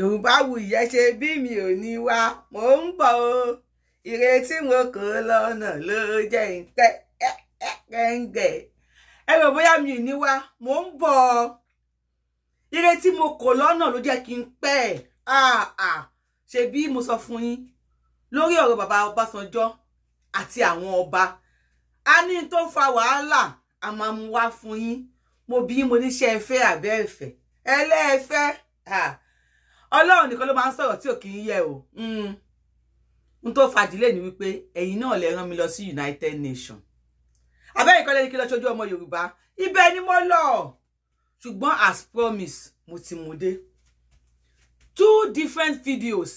yorùbá wù yẹ ṣe bí mi ò ní wá mò ń bọ̀ o ìrètí mo kò lọ́nà ló jẹ́ ìtẹ́ kẹ́ńgẹ̀ ẹ rò bóyá mi ò ní wá mò ń bọ̀ o ìrètí mo kò lọ́nà ló jẹ́ kí n pẹ́ ẹ̀ ah, ah. ṣe bí mo sọ fún yín lórí ọ̀rọ̀ bàbá Ọbásanjọ́ àti àwọn ọba a ní tó fa wàhálà a máa mú wá fún yín mo bí mo níṣẹ́ ẹ̀fẹ́ àbẹ́ ẹ̀fẹ́ ẹlẹ́ẹ̀fẹ́ ah ọlọ́run nìkan ló máa ń sọ̀rọ̀ tí ò kì í yẹ o mm. n tó fàdílé ni wípé ẹ̀yin náà lè rán mi lọ sí United Nations abẹ́yìn kọ́lé ní kí lọ́ọ́ ṣojú ọmọ Yorùbá ibẹ̀ ni mo lọ ṣùgbọ́n as promise mo ti mú dé two different videos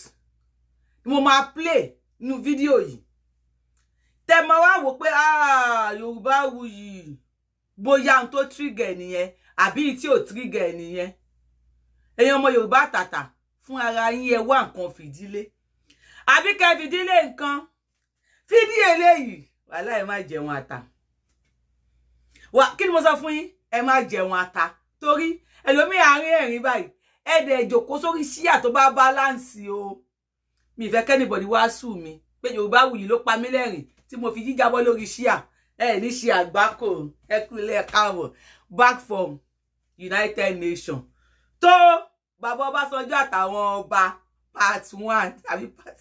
ni mo máa play nínú fídíò yìí tẹ mọ wá wò pé ah, Yorùbá wu yìí bóyá n tó trigger nìyẹn àbí tí ò trigger nìyẹn èèyàn ọmọ Yorùbá tàtà fún ara yín ẹ wá nǹkan fìdílé àbí kẹ́ fìdílé nǹkan fídí eléyìí wàhálà ẹ má jẹun ata wà kí ni mo sọ fún yín ẹ má jẹun ata torí ẹlòmíì àárín ẹ̀rín báyìí ẹ dẹ̀ jòkó síyà tó bá báláǹsì o mi ìfẹ́ kẹ́nìbọ̀dì wá sùn mi pé yorùbá wùyí ló pa mí lẹ́rìn tí mo fi jíjábọ́ lórí síyà ẹ ní ṣe àgbákò ẹ kúlẹ̀ káàbọ̀ back from United Nations tó bàbá Ọbásanjọ́ àtàwọn ọba part one tàbí part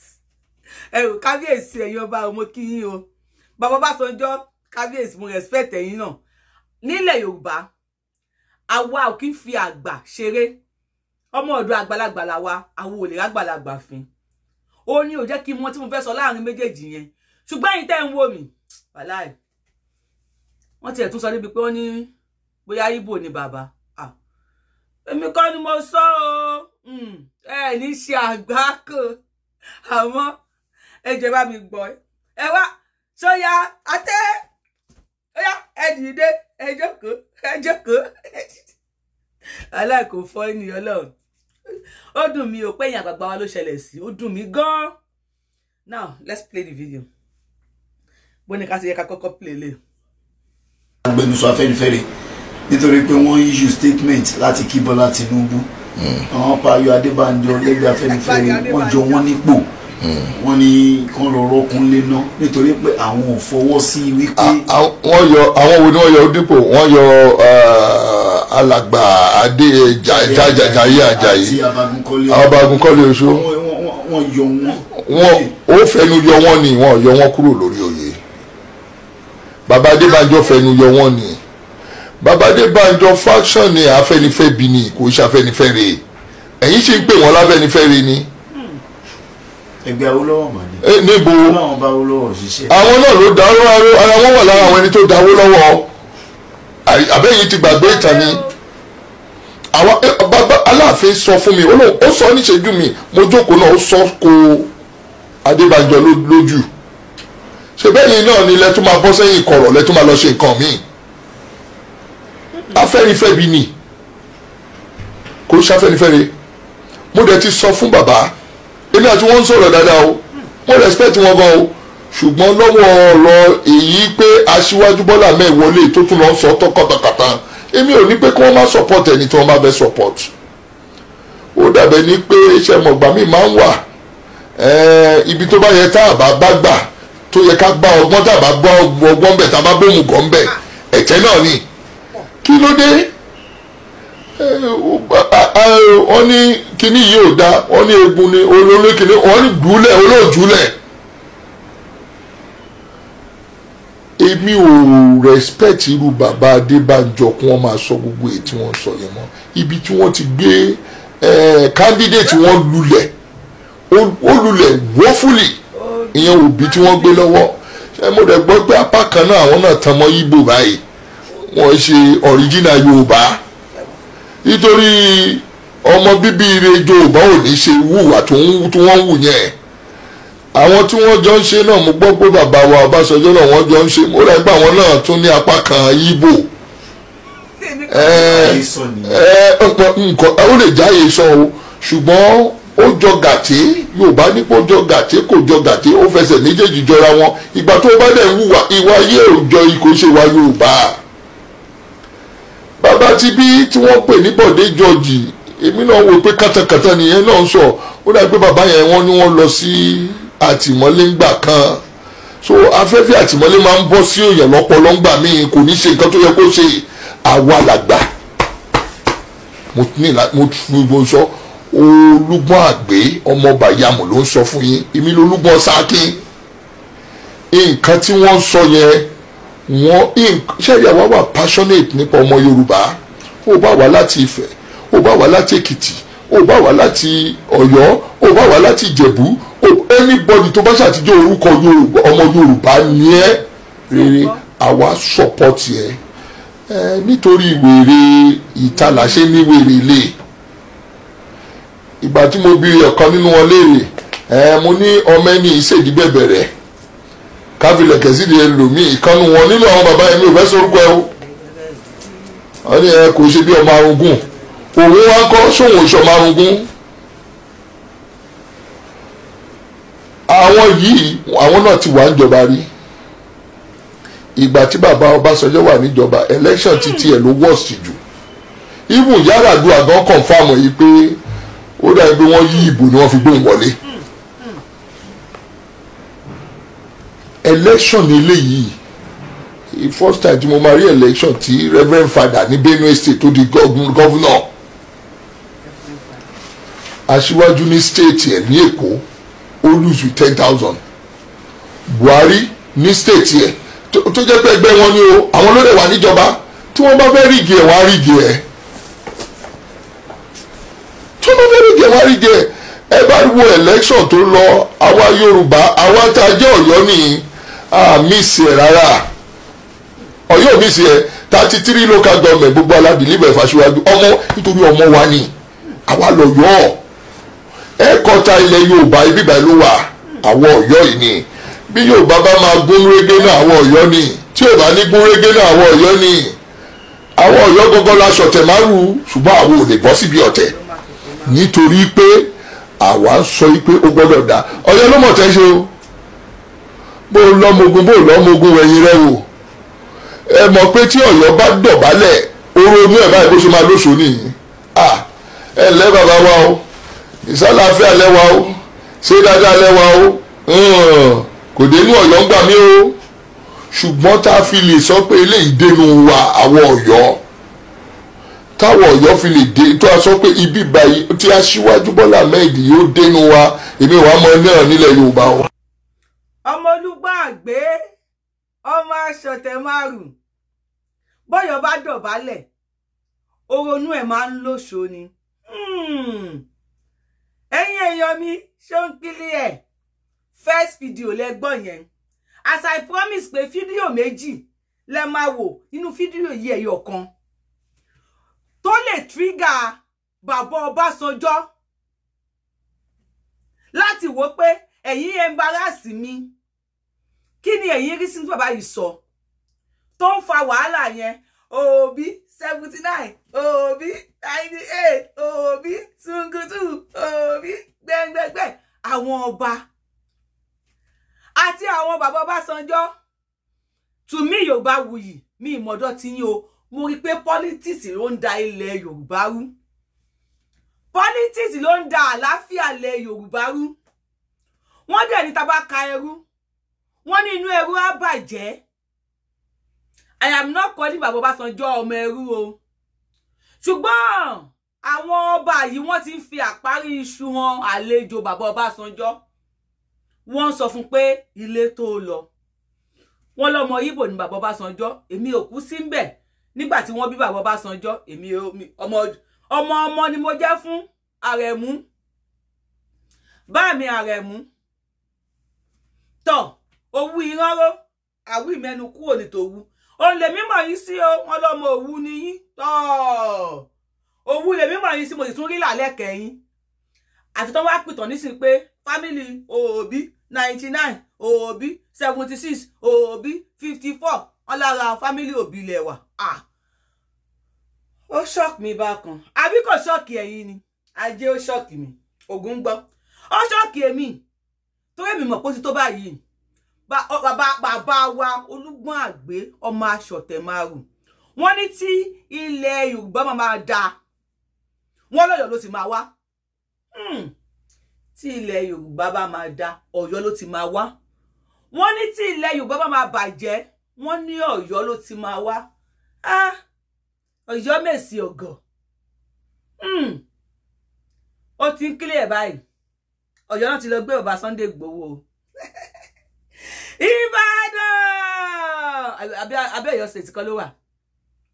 ẹrù kábíyèsí ẹ̀yin ọba ọmọ kíyìn o bàbá Ọbásanjọ́ kábíyèsí mo respect ẹ̀yin náà nílẹ̀ Yorùbá àwa ò kí ń fi àgbà ṣeré ọmọ ọ̀dọ̀ àgbàlagbà la wa àwọn ò lè fin ó ní ò jẹ́ kí n mọ tí mo fẹ́ sọ láàrin méjèèjì yẹn ṣùgbọ́n ẹ̀yin tẹ́ ń wò mí wàláì wọ́n tiẹ̀ tún sọ níbi pé wọ́n ní bóyá Ìgbò ni bàbá èmi kọ́ ni mo sọ o hmm, ẹ ní ṣe àgbákò àmọ́ ẹ jẹ́ bá mi gbọ́ ẹ wá sọ́yà àtẹ́ ọ̀yà ẹ dìde ẹ jókòó ẹ jókòó aláìkò fọ́ ẹni ọlọ́run ó dùn mí o pé èèyàn àgbàgbà wa ló ṣẹlẹ̀ sí ó dùn mí gan-an now let's play the video bó ni ká ṣe yẹ ká kọ́kọ́ play lé. agbẹnusọ Afẹ́nifẹ́re nítorí pé wọ́n issue statement láti kí Bọ́lá Tinubu hmm. àwọn Payọ Adébánjọ lẹ́gbẹ̀ẹ́ Afẹ́nifẹ́re wọ́n jọ wọ́n nípò hmm. wọ́n ní kán lọ rọ́kùn lé ná nítorí pé àwọn ò fọwọ́ sí wípé. wọ́n yọ àwọn wo ni wọ́n yọ dípò wọ́n yọ eh, alàgbà adé jayé Àjàyí Abágúnkọ́lé Oṣó wọ́n yọ wọ́n. wọ́n ó fẹnu yọ wọ́n ni wọ́n yọ wọ́n kúrò lórí oyè bàbá Adébánjọ fẹnu yọ wọ́n ni babade banjo faction ni afẹnifẹbi ni kò ṣe afẹnifẹre ẹ̀yin ṣe ń pè wọ́n láfẹnifẹre ni. ẹgbẹ́ awolowo mà ní. Eh, níbo àwọn náà ló dáwọ́ ara wọn wà lára àwọn ẹni tó dáwọ́ lọ́wọ́ àbẹ́yìn ti gbàgbé ìtàn ni àwọn eh, bàbá aláàfin sọ fún mi ó sọ níṣẹ́jú mi mo jókòó náà ó sọ kó adébànjọ lójú ṣe bẹ́ẹ̀ ni náà ni lẹ́tọ́ máa bọ́ sẹ́yìn kọ̀rọ̀ lẹ́tọ́ máa lọ ṣe nǹkan míì afẹ́nifẹ́bi ni kò ń ṣafẹ́nifẹ́re mo dẹ̀ ti sọ fún bàbá èmi àti wọ́n ń sọ̀rọ̀ dáadáa o mo respect wọn gan o ṣùgbọ́n lọ́wọ́ ọ̀rọ̀ èyí pé aṣíwájú Bọ́lá mẹ́ẹ̀ wọlé tó tún lọ sọ tọkàtàkàtà èmi ò ní pé kí wọ́n má support ẹni tí wọ́n bá fẹ́ support ó dàbẹ̀ ní pé iṣẹ́ mọ̀gbà mi máa ń wà ibi tó bá yẹ tá a bá bá gbà tó yẹ ká gbá ọgbọ́n tá a bá gbọ́ ọgbọ́n bẹ̀ tá a bá bóun gàn bẹ̀ ẹ̀tẹ́ náà ni kí ló dé eh, eh, eh, wọ́n ní kíní yìí ò da wọ́n ní egun ni olóòlé kíní wọ́n ní dùúlẹ̀ olóòjúlẹ̀ èmi ò respect irú bàbá Adébánjọ kí wọ́n máa sọ gbogbo èyí tí wọ́n sọ yẹn mọ́ ibi tí wọ́n ti gbé candidate wọn lulẹ̀ ó lulẹ̀ wọ́fúlì ìyẹn òbí tí wọ́n gbé lọ́wọ́ ṣé mo dẹ̀ gbọ́ pé apá kan náà àwọn náà tan mọ́ Ìgbò báyìí wọ́n ṣe ọ̀ríjìnà yorùbá nítorí ọmọ bíbí ire yorùbá ò ní ṣe wùwà tó wọ́n wù yẹn àwọn tí wọ́n jọ ń ṣe náà mo gbọ́ pé bàbá wa ọbásanjọ́ náà wọ́n jọ ń ṣe mo rẹ̀ gbà wọ́n náà tún ní apá kan ibo ó lè jáyé sọ o ṣùgbọ́n ó jọ gàtí yorùbá nípò jọ gàtí kò jọ gàtí ó fẹsẹ̀ méjèèjì jọra wọn ìgbà tó bá dẹ̀ ń hùwà ìwà yé òòjọ́ ikò ṣe wa yorùbá bàbá ti bí tí wọ́n pè ní Bọ̀dé George èmi náà wò pé kàtàkàtà nìyẹn náà ń sọ ó dàbí pé bàbá yẹn wọ́n ní wọ́n lọ sí àtìmọ́lé ńgbà kan so afẹ́fẹ́ àtìmọ́lé máa ń bọ́ sí òyìn lọ́pọ̀lọ́ ńgbà míì kò ní ṣe nǹkan tó yẹ kó ṣe àwa làgbà mo fi mo sọ olúgbọ́n àgbẹ̀ ọmọ bàyàmù ló ń sọ fún yín èmi lolúgbọ́n sákín nǹkan tí wọ́n sọ yẹn wọn ṣé ìyàwó wà passionate nípa ọmọ yorùbá ó bá wá láti ifẹ̀ ó bá wá láti èkìtì ó bá wá láti ọ̀yọ́ ó bá wá láti ìjẹ̀bú anybody tó bá ṣàtijọ́ orúkọ ọmọ yorùbá ni ẹ́ rere àwa support ẹ nítorí wèrè ìtàlà ṣe ní wèrè lè ìgbà tí mo bi ọ̀kan nínú wọn léèrè mo ní ọmọ ẹni ìṣèdí káfílẹ̀ di ẹlòmíì ìkànnù wọn nínú àwọn bàbá yẹn mi ò fẹ́ sorúkọ ẹ o wọ́n ní ẹ kò ṣe bí ọmọ arúgún òun wá kọ́ sóhun ìṣọmọ arúgún àwọn yìí àwọn náà ti wà níjọba rí ìgbà tí bàbá Ọbásanjọ́ wà níjọba election ti tiẹ̀ ló wọ́ọ̀sì jù ibùn Yar'Adua gan confam yìí pé ó dàbí wọ́n yí ìbò ni wọ́n fi gbóhùn wọlé. election eléyìí first time tí mo máa rí election tí reverend father ní Benue state tó di governor aṣíwájú ní state ẹ̀ ní èkó ó lose with ten thousand buhari ní state ẹ̀ tó jẹ́ pé ẹgbẹ́ wọn ni o àwọn ló dẹ̀ wà níjọba tí wọ́n bá fẹ́ rígi ẹ̀ wọ́n á rígi ẹ̀ tí wọ́n bá fẹ́ rígi ẹ̀ wọ́n á rígi ẹ̀ ẹ bá wo election tó lọ àwa yorùbá àwa tá a jẹ́ ọ̀yọ́ nìyí a mísì ẹ̀ rárá ọ̀yọ́ mísì ẹ̀ thirty three local government gbogbo alábìlíbẹ̀ fàṣíwájú ọmọ nítorí ọmọ wa ni àwa lọ yọ ọ ẹ̀ẹ́kọ́ta ilẹ̀ yorùbá ibi ìgbà ló wà àwọn ọ̀yọ́ yìí ni bí yorùbá bá máa gún régé náà àwọn ọ̀yọ́ ni tí yorùbá ní gún régé náà àwọn ọ̀yọ́ ni àwọn ọ̀yọ́ gọ́gọ́ la ṣọ̀tẹ̀ márùn ṣùgbọ́n àwọn ò lè bọ́ síbi ọ̀tẹ̀ nítorí pé àwa sọ pé ó gbọ́dọ̀ dá ọ̀yọ́ ló mọ̀ tẹ́ ṣe o bó lọ́mọgun bó lọ́mọgun ẹ̀yìn rẹ wò ẹ mọ̀ pé tí ọ̀yọ́ bá dọ̀bálẹ̀ oró inú ẹ̀ báyìí bó ṣe máa lóṣù nìyí à ẹ ǹlẹ́ bàbá wa o ìsálàáfíà lẹ́wà o ṣé dáadáa lẹ́wà o kò dénú ọ̀yọ́ ń gbà mí o ṣùgbọ́n tá a fi lè sọ pé eléyìí dénú wa àwọn ọ̀yọ́ táwọn ọ̀yọ́ fi lè dé tó a sọ pé ibi báyìí tí aṣíwájú bọ́lá mẹ́ẹ̀dì yóò dénú wa èmi wàá mọ náà nílẹ̀ yorùbá o ọmọ olúgbàgbé ọmọ aṣọ̀tẹ̀ márùn bọ́yọ̀ bá dọ̀bálẹ̀ oronú ẹ̀ máa ń lóṣo ni hmm. ẹ̀yin èèyàn mi ṣé ń kílí ẹ̀ first video lẹ́gbọ́n yẹn as i promise pé fídíò méjì lẹ máa wò nínú fídíò yìí ẹ̀yọ̀ kan tó lè tírígà bàbá Ọbásanjọ́ láti wò pé ẹ̀yin embarrass mi kí ni ẹ̀yin rí sí bàbá yìí sọ tó ń fa wàhálà yẹn òbí seventy nine òbí ninety eight òbí sunkutu òbí gbẹ́ngbẹ́ngbẹ́ àwọn ọba àti àwọn bàbá Ọbásanjọ́ Túnmí Yorùbáwuyì mi ìmọ̀dọ́ ti yín o mo rí i pé politics ló ń da ilẹ̀ Yorùbá rú politics ló ń da àlàáfíà ilẹ̀ Yorùbá rú wọ́n dẹ̀ ní tá bá ka ẹrú wọ́n ní inú ẹrú á bàjẹ́ I am not calling bàbá Ọbásanjọ́ ọmọ ẹrú o ṣùgbọ́n àwọn ọba yìí wọ́n ti ń fi àparí iṣu hàn àlejò bàbá Ọbásanjọ́ wọ́n sọ fún pé ilé tó lọ wọ́n lọ́mọ Ìgbò ní bàbá Ọbásanjọ́ èmi ò kú sí ńbẹ̀ nígbà tí wọ́n bí bàbá Ọbásanjọ́ èmi ọmọ ọmọ ọmọ ni mo jẹ́ fún Àrẹ̀mú bá mi Àrẹ̀mú tọ́ owú ìránró àwí mẹ́nu kúrò ní tòwú òun lè mímọ̀ yín sí o wọn lọ́mọ òwú ni yín tọ́ òwú lè mímọ̀ yín sí mo sì tún rí làlẹ́ kẹ́yìn àfi tán wá pìtàn nísìnyí pé fámìlì òbí ninety nine òbí seventy six òbí fifty four wọn lára fámìlì òbí lẹ̀ wà ó ṣọ́ọ̀kì mi bákan àbí kò ṣọ́ọ̀kì ẹ̀yin ni ajé ó ṣọ́ọ̀kì mi ògùn gbọ́ ó ṣọ́ọ̀kì èmi torí èmi mọ̀ pé ó ti tó báyìí bàbá bàbá wa olúgbọ́n àgbẹ̀ ọmọ aṣọ̀tẹ̀ márùn wọ́n ní tí ilẹ̀ yorùbá máa máa da wọ́n lọ́yọ̀ ló ti máa wá hmm. tí ilẹ̀ yorùbá bá máa da ọ̀yọ́ ló ti máa wá wọ́n ní tí ilẹ̀ yorùbá bá máa bàjẹ́ wọ́n ní ọ̀yọ́ ló ti máa wá ah, ọ̀yọ́ mèsì ọ̀gọ̀ hmm. ó ti ń kílẹ̀ báyìí ọ̀yọ́ náà ti lọ gbé bàbá Sunday Igboho ìbàdàn abẹ́ ọ̀yọ́ state kọ́ ló wà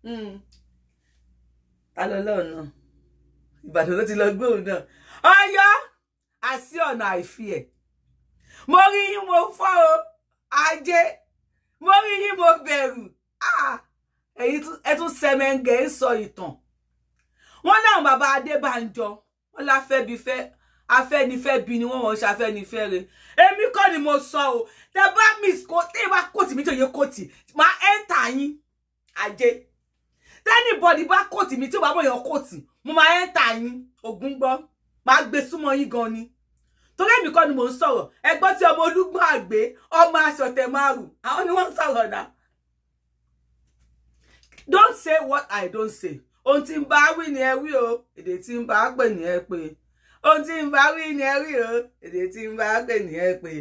hmm. ta lọ lọ́ọ̀ ìbàdàn ló ti lọ gbóhùn náà ọ̀yọ́ àsí ọ̀nà àìfi ẹ̀ mo rí yín mo fọ́ o ajé mo rí yín mo bẹ̀rù ah! ẹ tún sẹmẹǹgẹ ń sọ ìtàn wọn láwọn bàbá adébánjọ wọn láfẹbí fẹ. Fe afẹ́nifẹ́bi ni wọ́n wọ́n ṣe afẹ́nifẹ́re èmi kọ́ ni mo sọ o tẹ bá miss kó tẹ bá kóòtù mi tó yẹ kóòtù máa ẹ́ńtà yín ajé tẹ́nìbọ̀dì bá kóòtù mi tí ó bá kóòtù mo máa ẹ́ńtà yín ògún gbọ́ máa gbé súnmọ́ yín gan ni torí èmi kọ́ ni mo ń sọ̀rọ̀ tí ọmọ olúgbọ́n àgbẹ̀ ọmọ aṣọ̀tẹ̀ márùn àwọn ni wọ́n ń sọ̀rọ̀ don't say what i don't say ohun tí ń bá wí ni ẹ wí o èdè tí ń bá pè ní ẹ pé ohun tí ń bá wí ni ẹ rí o èdè tí ń bá pè ní ẹ pé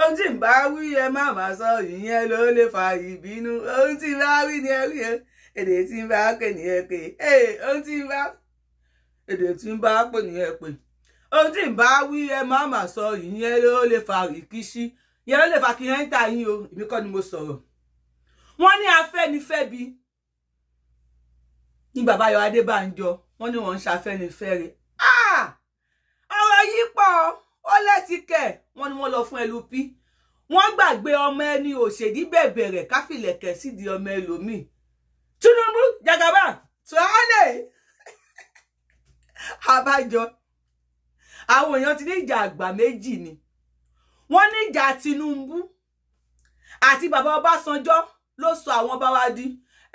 ohun tí ń bá wí ẹ má má sọ ìyẹn ló lè fa ìbínú ohun tí ń bá wí ni ẹ rí o èdè tí ń bá pè ní ẹ pé ee ohun tí ń bá èdè tí ń bá pè ní ẹ pé ohun tí ń bá wí ẹ má má sọ ìyẹn ló lè fa ìkíṣí yẹn ló lè fa kí hẹ́ńtà yín o èmi kọ́ ni mo sọ̀rọ̀ wọ́n ní afẹ́nifẹ́bi ní bàbá Adébánjọ wọ́n ní wọ́n ń ṣafẹ́nifẹ́re yí pọ̀ ó lẹ́tìkẹ̀ wọ́n ní wọ́n lọ fún LP wọ́n gbàgbé ọmọ ẹni òṣèdí bẹ̀bẹ̀rẹ̀ káfílẹ̀kẹ̀ sídìí ọmọ ẹlòmíì Tinubu jagaba tùhálẹ abájọ àwọn èèyàn ti ní ìjà àgbà méjì ni wọ́n ní ìjà Tinubu àti bàbá Ọbásanjọ́ ló sọ àwọn ọba wa di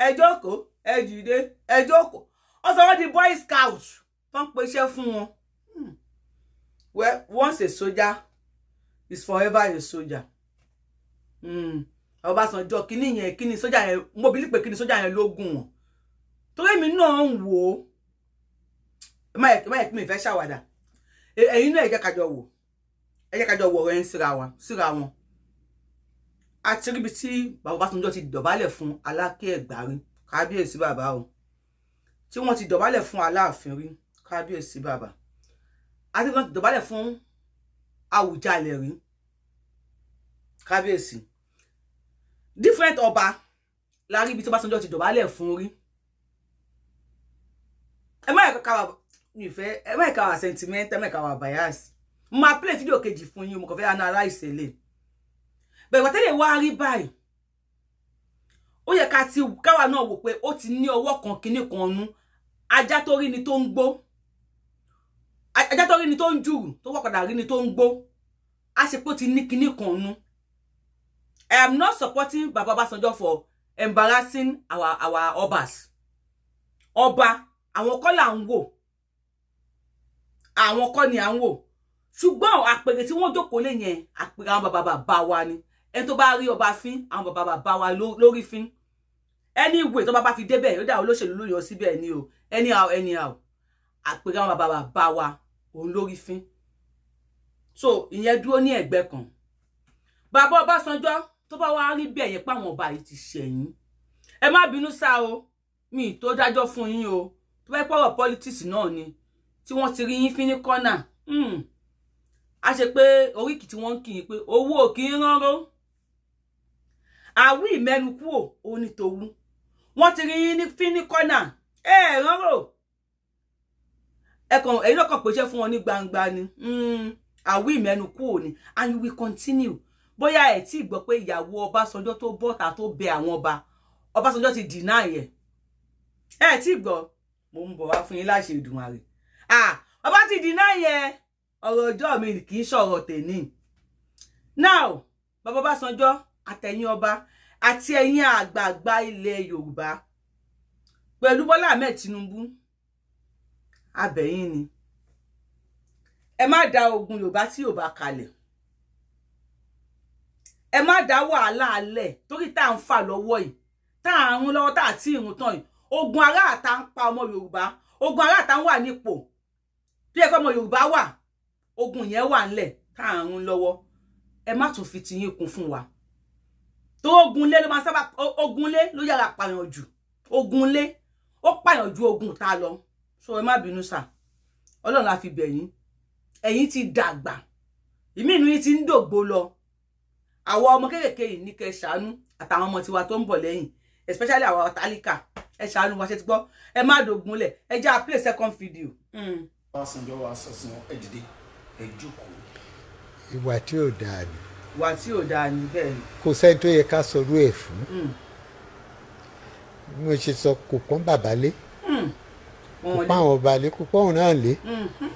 ẹ jókòó ẹ dìde ẹ jókòó ó sọ di boy scout tó ń pèsè fún wọn Well, once a soldier is forever a soldier. Mm. Ọbásanjọ́ kini yẹn kini soldier. yẹn mo bìlí pé kíní sójà yẹn ló gùn wọn torí èmi náà ń wò ó máyẹ̀kí mi fẹ́ ṣàwàdà e, ẹ̀yin náà ẹ jẹ́ kájọ wò ẹ jẹ́ kájọ wò ọ̀rọ̀ yẹn síra wọn àti ríbi tí bàbá Ọbásanjọ́ ti dọ̀bálẹ̀ fún Aláké Ẹ̀gbá rí kábíyèsí bàbá o tí wọ́n ti dọ̀bálẹ̀ fún Aláàfin rí kábíyèsí baba àti kan ti dọ̀bálẹ̀ fún Àwùjalẹ̀ rí kábíyèsí different ọba la rí ibi tí Ọbásanjọ́ ti dọ̀bálẹ̀ fún rí ẹ má ẹ̀ka wà nífẹ̀ ẹ má ẹ̀ka wà sentiment ẹ má ẹ̀ka wà bias máa play fídíò kejì fún yín mo kàn fẹ́ analyze lè bẹ̀rẹ̀ pàtẹ́lẹ̀ wá rí báyìí ó yẹ ká ti káwa náà wò pé ó ti ní ọwọ́ kan kinní kan nú ajá tó rí ni tó ń gbó ajá tó rí ni tó ń jùrù tó wọ́kadà rí ni tó ń gbó a ṣe pé ó ti ní kinní kan nu I am not supporting Baba Obasanjo for embarrassing our our obas ọba àwọn kọ́ là ń wò àwọn kọ́ ni à ń wò ṣùgbọ́n àpèrè tí wọ́n jókòó lé yẹn àpèrè àwọn bàbá bàbá wa ni ẹni tó bá rí ọba fín àwọn bàbá bàbá wa lórí fín anyway tó bá bá fi débẹ̀ ó dà olóṣèlú ló síbẹ̀ ni o anyhow anyhow àpèrè àwọn bàbá bàbá wa òun lórí fín so ìyẹn dúró ní ẹ̀gbẹ́ kan bàbá Ọbásanjọ́ tó bá wá rí bí ẹ̀yin páwọn ọba yìí ti ṣẹ̀yìn ẹ má bínú sá o mi tó dájọ́ fún yín o tó bá pọ̀rọ̀ politics náà ni tí wọ́n ti rí yín fín ní kọ́nà hmm, a ṣe pé oríkì tí wọ́n ń kì í pé owó ò kì í ránró àwí ìmẹ́nu kúrò ó ní tòwú wọ́n ti rí yín fín ní kọ́nà ẹ̀ẹ́rán rò ẹkàn èyí lọ́kàn pèsè fún wọn ní gbangba ni hmm, àwí ìmẹ́nu kú òní and we continue bóyá ẹ̀ tí gbọ́ pé ìyàwó Ọbásanjọ́ tó bọ́ta tó bẹ àwọn ọba Ọbásanjọ́ ti deny ẹ̀ ẹ̀ tí gbọ́ mo ń bọ̀ wá fún yín láṣẹ Èdùmàrè ah ọba ti deny ẹ̀ ọ̀rọ̀ ọjọ́ mi kì í ṣọ̀rọ̀ tèmi now bàbá Ọbásanjọ́ àtẹ̀yìn ọba àti ẹ̀yin àgbààgbà ilẹ̀ Yorùbá pẹ̀lú Bọ́lá Ahmed Tinubu abẹ̀yìn ni ẹ má da ogun yorùbá tí yorùbá kalẹ̀ ẹ má da wàhálà alẹ̀ torí tá à ń fà lọ́wọ́ yìí tá à ń lọ́wọ́ tá à tí ìrùn tán yìí ogun aráàta ń pa ọmọ yorùbá ogun aráàta ń wà nípò bí ẹ pé ọmọ yorùbá wà ogun yẹn wà ńlẹ̀ tá à ń lọ́wọ́ ẹ má tún fi tiyín kún fún wa tó ogunlé ló máa sábà ogunlé ló yára pààyàn jù ogunlé ó pààyàn ju ogun tá lọ so ẹ má bínú sà ọlọ́run la fi bẹ̀yín ẹ̀yin ti dàgbà ìmí inú yìí ti ń dògbò lọ àwọn ọmọ kéékèèké yìí ní kẹ ṣàánú àtàwọn ọmọ tiwa tó ń bọ̀ lẹ́yìn especially àwọn tálíkà ẹ ṣàánú wa ṣe ti gbọ́ ẹ má dògúnlẹ̀ ẹ já play second video. Hmm. ọ̀sánjọ́ wa sọ̀sán ẹ dìde ẹ jókòó. ìwà tí o dáa ni. ìwà tí ò dáa ni bẹ́ẹ̀ ni. kò sẹ́ni tó yẹ ká sọ̀rọ̀ ẹ̀ fún. Hmm. mo ṣe sọ kò pọ́n bàbá Mm kò pa àwọn ọba lé kò pọ̀ náà lé mm-hmm.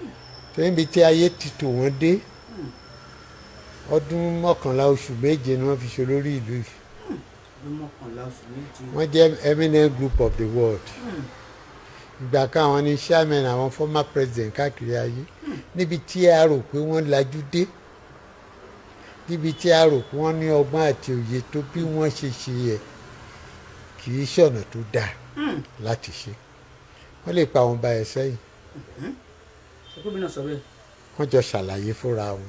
níbi tí ayé ti tò wọ́n dé mm-hmm. ọdún mọ́kànlá oṣù méje ni wọ́n fi ṣe olórí ìlú yìí mm-hmm. wọ́n jẹ́ eminent group of the world ìgbà kan àwọn ní chairman àwọn former president káàkiri ayé níbi tí a rò pé wọ́n lajú dé níbi tí a rò pé wọ́n ní ọgbọ́n àti òye tó bí wọ́n ṣe ṣe yẹ kì í ṣọ̀nà tó dáa láti ṣe wọ́n lè pa àwọn ọba ẹ̀ sẹ́yìn. wọ́n jọ ṣàlàyé fúnra wọn.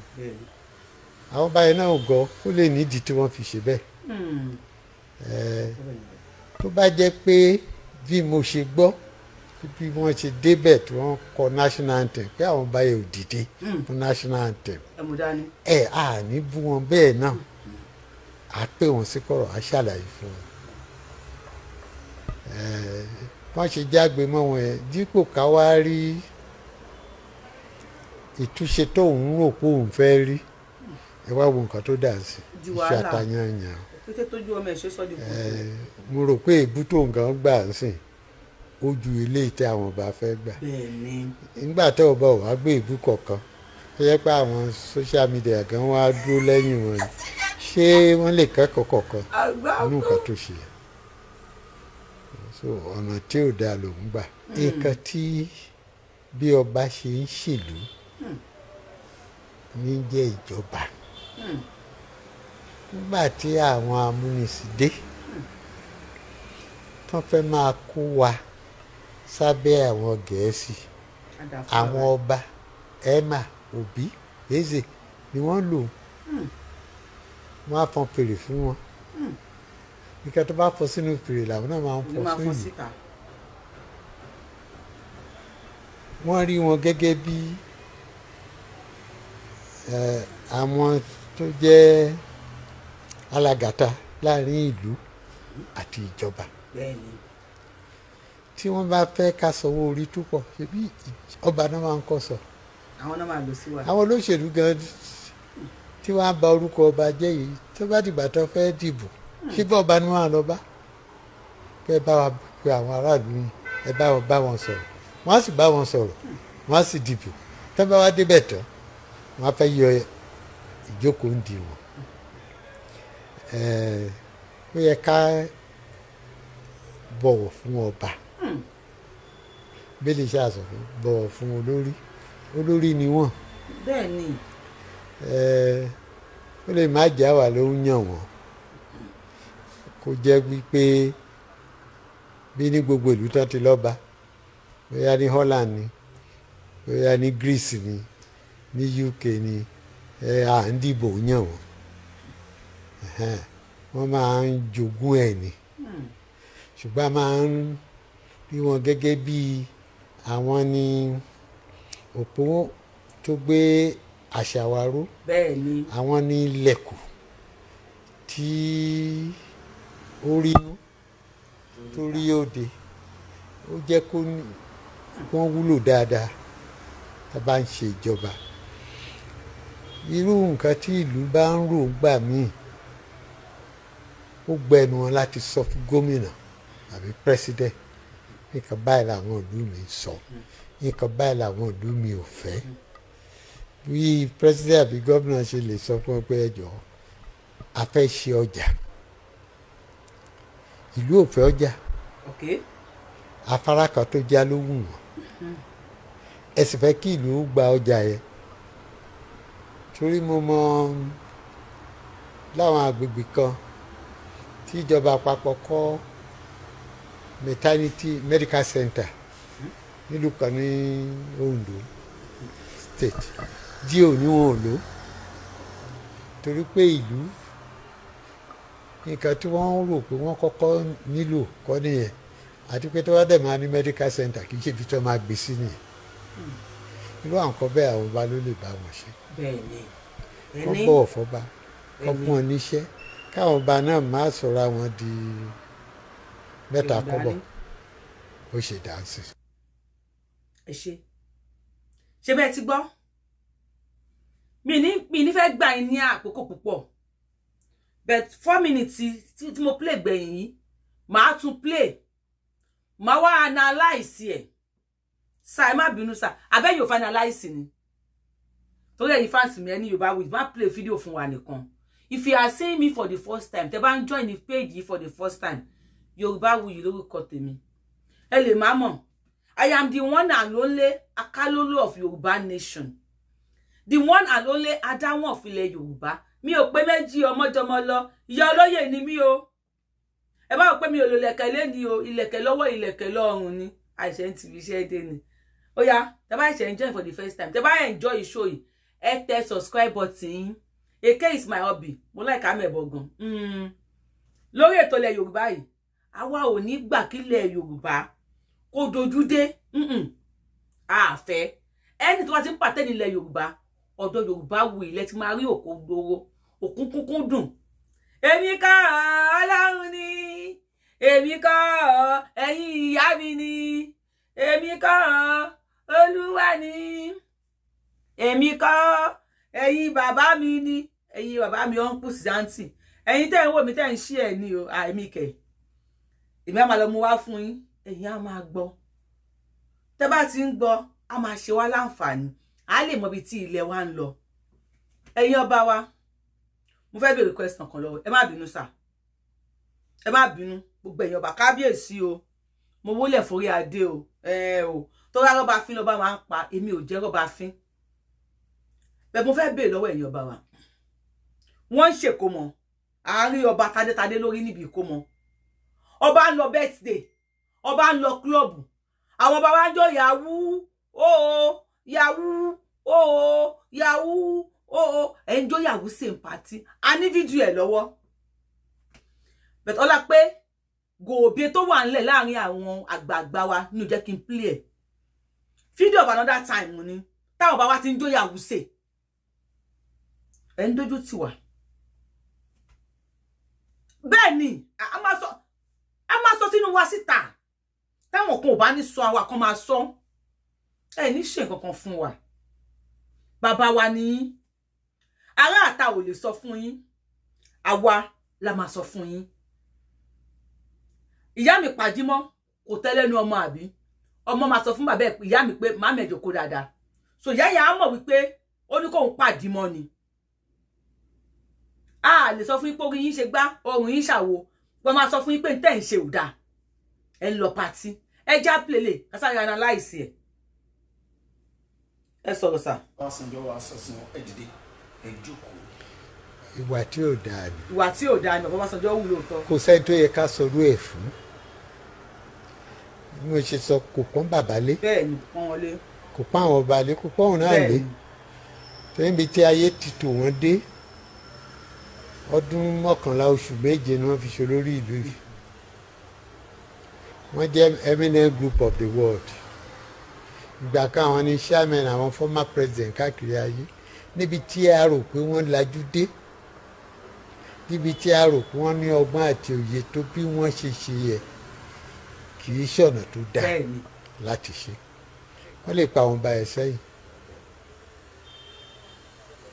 àwọn ọba ẹ̀ náà ò gọ ó lè nídìí tí wọ́n fi ṣe bẹ́ẹ̀. Hmm. tó bá jẹ́ pé bí mo ṣe gbọ́ bí wọ́n ṣe débẹ̀ tí wọ́n kọ national anthem pé àwọn ọba ẹ̀ ò dìde hmm. fún national anthem. ẹ à ní bú wọn bẹ́ẹ̀ náà a pè wọ́n sí kọ̀rọ̀ a ṣàlàyé fún wọn má ṣe jágbe mọ́ wọn ẹ̀ dípò ká wá rí ìtúnṣe tó ń rò pé òun fẹ́ rí ẹ wá wo nǹkan tó dà sí iṣẹ́ àtayànyà mo rò pé èbúté nǹkan gbà ń sìn ó ju ilé ìtẹ́ àwọn ọba fẹ́ gbà nígbà tẹ́ ọba ò wá gbé ìbú kọ̀ọ̀kan tó yẹ pé àwọn social media gan wá dúró lẹ́yìn wọn ṣé wọ́n lè kẹ́kọ̀ọ́ kọ̀ọ̀kan nínú nǹkan tó ṣe yẹn so ọ̀nà tí ò dáa ló ń gbà hmm. nǹkan tí bí ọba ṣe ń ṣèlú hmm. ní jẹ́ ìjọba hmm. nígbà tí àwọn amúnisìn dé fẹ́ máa kó wa sábẹ́ àwọn gẹ̀ẹ́sì àwọn ọba emma obi eze ni wọ́n lò wọ́n á fọn fèrè fún wọn ìkẹ́ tó bá fọ sínú fèrè làwọn náà máa ń fọ sí yìí wọ́n rí wọn gẹ́gẹ́ bí àwọn tó jẹ́ alàgàtà láàrin ìlú àti ìjọba tí wọ́n bá fẹ́ ká sanwó orí túpọ̀ ṣebí ọba náà máa ń kọ́ sọ àwọn olóṣèlú gan tí wọ́n á orúkọ ọba jẹ́ yìí tó bá dìgbà tó fẹ́ dìbò ṣé bí ọba ni wọ́n á lọ bá kẹ́ ẹ bá wa pe àwọn aráàlú yìí ẹ bá wọn bá wọn sọ̀rọ̀ wọ́n á sì bá wọn sọ̀rọ̀ wọ́n á sì dìbò tẹ́ bá wa débẹ̀ tán wọ́n á fẹ́ yọ ìjókòó ń di wọn ó yẹ ká bọ̀wọ̀ fún ọba bẹ́ẹ̀ lè ṣe àsọ̀fún bọ̀wọ̀ fún olórí olórí ni wọ́n. bẹ́ẹ̀ ni. ó lè má jẹ́ àwa ló yàn wọ́n kó jẹ́ wípé bí ní gbogbo ìlú tán ti lọ́ba bóyá ní Holland ni bóyá ní Greece ni ní UK ni ẹ à ń dìbò yàn wọ́n wọ́n máa ń jogún ẹ̀ ni ṣùgbọ́n a máa ń rí wọn gẹ́gẹ́ bí àwọn ni òpó tó gbé àṣà wa ró àwọn ni ilẹ̀kùn tí. Tí ó rí inú tó rí òde ó jẹ́ kó wọ́n wúlò dáadáa tá a bá ń ṣe ìjọba irú nǹkan tí ìlú bá ń rò gbà míì ó gba ẹnu wọn láti sọ fún gómìnà àbí president nǹkan báyìí làwọn ìlú mi sọ nǹkan báyìí làwọn ìlú mi ò fẹ́ bí president àbí gómìnà ṣe lè sọ fún ọ pé a fẹ́ ṣe ọjà ìlú òfẹ́ ọjà afárá kan tó já ló wù wọ́n ẹ sì fẹ́ kí ìlú gba ọjà yẹn torí mo mọ láwọn agbègbè kan tí ìjọba àpapọ̀ kọ́ maternity medical center nílùú kan ní Ondo state díò ní wọn ò lò torí pé ìlú nǹkan tí wọ́n rò pé wọ́n kọ́kọ́ nílò kọ́ nìyẹn àti pé tí wọ́n dẹ̀ máa ní medical center kì í ṣe ibi tí wọ́n máa gbé sí nìyẹn hmm. irú àwọn kan bẹ́ẹ̀ àwọn ọba ló lè bá wọn ṣe wọ́n bọ̀ ọ̀fọ́ba ọgbọ́n oníṣẹ́ káwọn ọba náà má sọ̀rọ̀ àwọn di mẹ́ta kọ́bọ̀ ó ṣe dáńsì. ẹ ṣe ṣe bẹ́ẹ̀ ti gbọ́ mi ní mi ní fẹ́ gbà yín ní àkókò púpọ̀ but four minutes ti, ti, mo play gbẹ̀yìn yìí màá tún play màá wá analyse ẹ̀ sa ẹ má sa abe yo finalize analyse ni torí ẹ̀yin fans mi ẹ ní yorùbá with, ma play video fún wa nìkan if you are seeing me for the first time tẹ bá join the page yìí for the first time yorùbá wuyì you tèmi ẹ lè má mọ̀ i am the one and only akálólò of yorùbá nation the one and only adáwọn of ilẹ̀ yorùbá mi ò pé méjì ọmọjọmọ lọ ìyá olóyè ni mi o ẹ bá wò pé mi ò lò lẹ̀kẹ̀ lẹ́ni o ìlẹ̀kẹ̀ lọ́wọ́ ìlẹ̀kẹ̀ lọ́rùn ni àìṣẹ́ ń ti fi iṣẹ́ dé ni ó yá tẹ bá enjoy for the first time tẹ bá enjoy show yìí ẹ tẹ subscribe button yín eke is my hobby mo like amẹ̀bọ̀ gan hmm. lórí ètò ilẹ̀ yorùbá yìí àwa ò ní gbà kílẹ̀ yorùbá kó dojú dé àfẹ́ ẹni tó bá ti ń pàtẹ́ nílẹ̀ yorùbá ọ̀dọ̀ yorùbá wù ilẹ̀ ti máa rí òkò gbòòrò òkun kúkú dùn èmi kọ́ ọlọ́run ni èmi kọ́ ẹ̀yin ìyá mi ni èmi kọ́ olúwa ni èmi kọ́ ẹ̀yin bàbá mi ni ẹ̀yin bàbá mi ọ̀hún kù sí ẹ̀yin tẹ́ ń wò mí tẹ́ ń ṣí ẹ̀ ní o àìmí kẹ̀ èmi á máa lọ mú wá fún yín ẹ̀yin á máa gbọ́ tẹ́ bá ti ń gbọ́ á máa ṣe wá láǹfààní á lè mọ ibi tí ilẹ̀ wa ń lọ ẹ̀yin ọba wa mo fẹ́ béèrè question kan lọ́wọ́ ẹ má bínú sà ẹ má bínú gbogbo èèyàn ọba kábíyèsí o mo wólẹ̀ forí adé o ẹ o tó rá rọ́bà fín lọ́ba máa ń pa èmi ò jẹ́ rọ́bà fín bẹ́ẹ̀ mo fẹ́ béèrè lọ́wọ́ èèyàn ọba wa wọ́n ń ṣèkómọ àárín ọba tadétadé lórí níbi ìkómọ ọba ń lọ birthday ọba ń lọ klọ́ọ̀bù àwọn ọba wa ń jọ yahoo ooo oh, yahoo ooo oh, yahoo Oh, ó ẹ̀ ń jóyàwó sí ìpàtí a ní fídíò ẹ̀ lọ́wọ́ bẹ̀tọ́lá pé gòòbí tó wà ńlẹ̀ láàrin àwọn àgbààgbà wa ní ò jẹ́ play Video of another time ni táwọn bá wa ti ń jóyà wùsè ẹ̀ ń dójú tì wá a máa sọ a máa sọ sínú wa síta táwọn kan ò bá ní sọ àwa kan máa sọ ẹ ní ṣe nǹkan kan fún wa bàbá wa nìyí ará àta ò lè sọ fún yín àwa la máa sọ fún yín ìyá mi pàjímọ́ kò tẹ́lẹ́nu ọmọ àbí Omo máa sọ fún bàbá ẹ̀ ìyá mi pé má mẹ̀jọ kó dáadáa so Iya yẹn mo mọ̀ wípé ó ní kóun pàdímọ́ ni a lè sọ fún yín pé orí yín ṣe gbá ọrùn yín ṣàwo wọ́n máa sọ fún yín pé ntẹ́ ń ṣe ò dáa ẹ̀ ń lọ pàtí ẹ já analyze ẹ̀ ẹ sọ̀rọ̀ sà. ọ̀sán jọ wà ẹ jókòó. ìwà tí ò dáa ni. ìwà tí ò dáa ni bàbá Ọbásanjọ́ wù lóòótọ́. kò sẹ́ni tó yẹ ká sọrú ẹ̀ fún bí mo ṣe sọ kò pọ́n bàbá lé. bẹ́ẹ̀ni pọ́n wọn lé. kò pọ́n àwọn ọba lé kò pọ́n òun náà lé. tẹ́ńbi tí ayé ti tò wọ́n dé ọdún mọ́kànlá oṣù méje ni wọ́n fi ṣe olórí ìlú yìí wọ́n jẹ́ eminent group of the world ìgbà kan àwọn ní chairman àwọn former president káàkiri ayé níbi tí a rò pé wọ́n lajú dé níbi tí a rò pé wọ́n ní ọgbọ́n àti òye tó bí wọ́n ṣe ṣe yẹ kì í ṣọ̀nà tó dáa láti ṣe wọ́n lè pa àwọn ọba ẹ̀ sẹ́yìn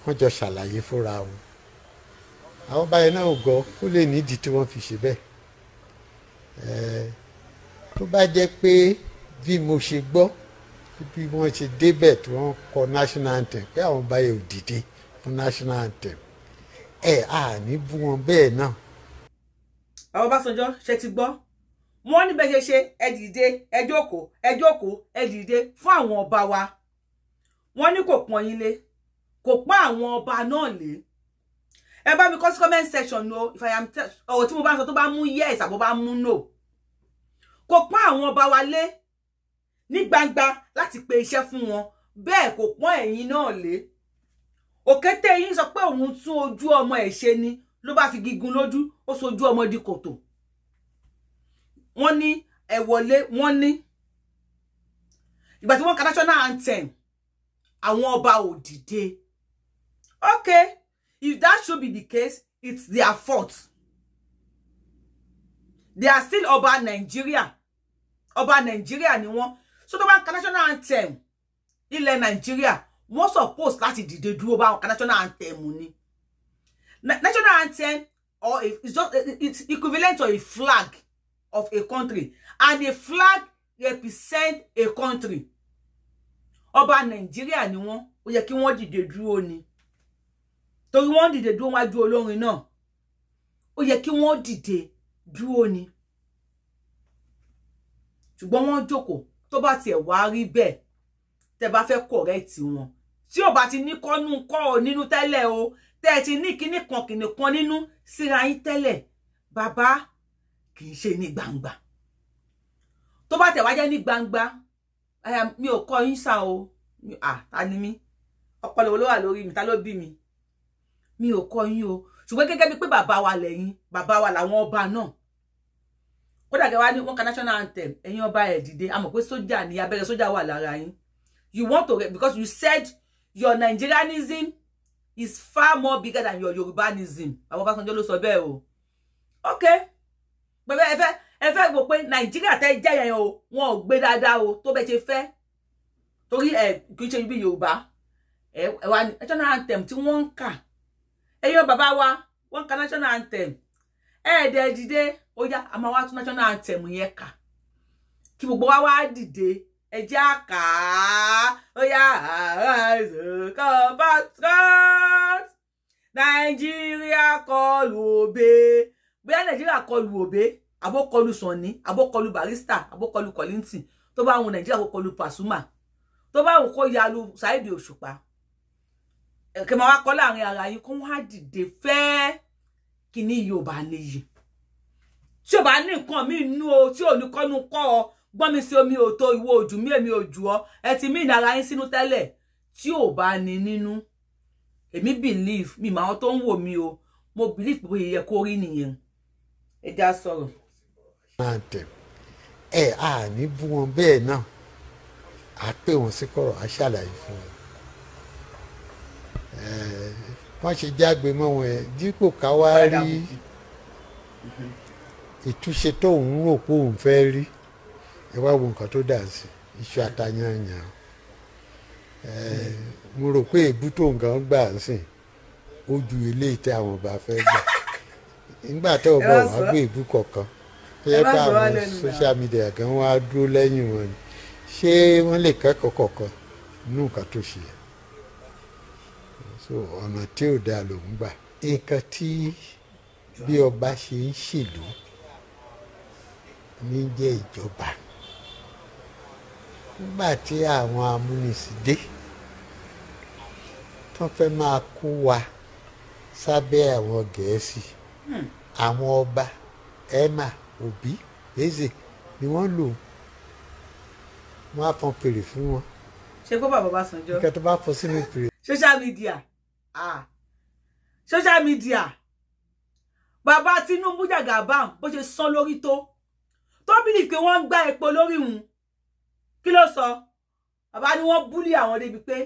wọ́n jọ ṣàlàyé fúnra wọn àwọn ọba ẹ̀ náà ò gọ́ ó lè nídìí tí wọ́n fi ṣe bẹ́ẹ̀ tó bá jẹ́ pé bí mo ṣe gbọ́ bí wọ́n ṣe débẹ̀ tí wọ́n kọ national anthem pé àwọn báyìí ò dìde fún national anthem ẹ à ní bú wọn bẹ́ẹ̀ náà. àwọn Ọbásanjọ́ ṣe ti gbọ́ wọ́n níbẹ̀ ṣe ṣe ẹ dìde ẹ jókòó ẹ jókòó ẹ dìde fún àwọn ọba wa wọ́n ní kò pọ́n yín lé kò pọ́n àwọn ọba náà lé ẹ bá mi kọ́ sí comment section o if i am ọ̀rọ̀ tí mo bá sọ tó bá mú yes àbọ̀ bá mú no kò pọ́n àwọn ọba wa lé ní gbangba láti pe iṣẹ́ fún wọn bẹ́ẹ̀ kò pọ́n ẹ̀yin náà lé òkété yín sọ pé òun tún ojú ọmọ ẹ̀ ṣe ni ló bá fi gígùn lójú ó sojú ọmọ di kòtò wọ́n ní ẹ wọlé wọ́n ní ìgbà tí wọ́n ka national anthem àwọn ọba ò dìde okay if that should be the case it's their fault they are still ọba Nigeria ọba Nigeria ni wọ́n so tó bá ń national anthem ilẹ̀ Nigeria, wọ́n suppose láti dìde dúró bá ka national anthem ni national anthem or it's just it's equivalent to a flag of a country and a flag represent a country ọba Nigeria, ni wọ́n ó yẹ kí wọ́n dìde dúró ni torí wọ́n dìde dúró wájú olórin náà ó yẹ kí wọ́n dìde dúró ni ṣùgbọ́n wọ́n jókòó tó bá tiẹ̀ wá rí bẹ́ẹ̀ tẹ bá fẹ́ correct wọn tí ò bá ti ní kọ́nú kọ́ ọ nínú tẹ́lẹ̀ o tẹ́ ẹ ti ní kíní kan kìnì kan nínú síra yín tẹ́lẹ̀ bàbá kì í ṣe ní gbangba tó bá tẹ̀ wá jẹ́ ní gbangba mi ò kọ́ yín sá o ah ta ni mí ọpọlọ wo ló wà lórí mi ta ló bí mi mi ò kọ́ yín o ṣùgbọ́n gẹ́gẹ́ bíi pé bàbá wa lẹ́yìn bàbá wa làwọn ọba náà kódà kẹwàá ní wọn ka national anthem ẹ̀yin ọba ẹ dìde a mọ̀ pé sójà ní abẹ́rẹ́ sójà wà lára yín you want to because you said your Nigerianism is far more bigger than your Yorubanism àwọn Ọbásanjọ́ ló sọ bẹ́ẹ̀ o ok pẹpẹ ẹ fẹ́ ẹ fẹ́ gbọ́ pé Nàìjíríà ta jẹ yẹn o wọn ò gbé dáadáa o tó ṣe fẹ́ torí ẹ kì í ṣe bí Yorùbá ẹ ka national anthem ó yá a máa wá tún national anthem yẹn kà kí gbogbo wa wá dìde ẹ jẹ́ á kà á ó yá àìsè compatriot nàìjíríà kọlù òbé bóyá nàìjíríà kọlù òbé abókọlù sànni abókọlù barista abókọlù kọlíntì tó bá wọn nàìjíríà kó kọlù pàṣùmà tó bá wọn kó ya lu Saheed Òṣùpá kí máa wá kọ láàrin ara yín kó wọn á dìde fẹ́ẹ́ kí ní yorùbá níyì tí o bá ní nǹkan mi nú o tí ò ní kọ́nu kọ́ ọ gbọ́n mi sí omi òtó ìwọ ojú mi èmi ojú ọ ẹ ti mí ìnara yín sínú tẹ́lẹ̀ tí ò bá ní nínú èmi believe mi màá tó ń wò mí o mo believe pé yẹ kó rí nìyẹn ẹ já sọ̀rọ̀. ẹ à ní bú wọn bẹ́ẹ̀ náà a pè wọn sí kọ̀rọ̀ a ṣàlàyé fún wọn wọ́n ṣe jágbe mọ́ wọn ẹ̀ dípò ká wá rí ìtúnṣe tó òun rò pé òun fẹ́ rí ẹ wá wo nǹkan tó dà sí iṣu àtayànyàn mo rò pé èébú tó nǹkan gbà ń sìn ó ju eléyìí tí àwọn ọba fẹ́ gbà nígbà tó ọba wàá gbé èébú kọ̀ọ̀kan tó yẹ àwọn social media kan wá dúró lẹ́yìn wọn ni ṣé wọ́n lè kẹ́kọ̀ọ́ kọ̀ọ̀kan nínú nǹkan tó ṣe so ọ̀nà tí ò dáa ló ń gbà nǹkan tí bí ọba ṣe ń ṣèlú ní jẹ́ ìjọba nígbà tí àwọn amúnisìn dé tó fẹ́ máa kó wa sábẹ́ àwọn gẹ̀ẹ́sì hmm. àwọn ọba emma obi eze ni wọ́n lò wọ́n á fọn fèrè fún wọn. ṣé kó bàbá bá sanjọ́. nígbà tó bá fọ sínú fèrè. social media ah social media bàbá Tinubu jàgàbá bó ṣe sán lórí tó tó bìlì pé wọ́n ń gbá epo lórí òun kí ló sọ bàbá ni wọ́n búlì àwọn débi pé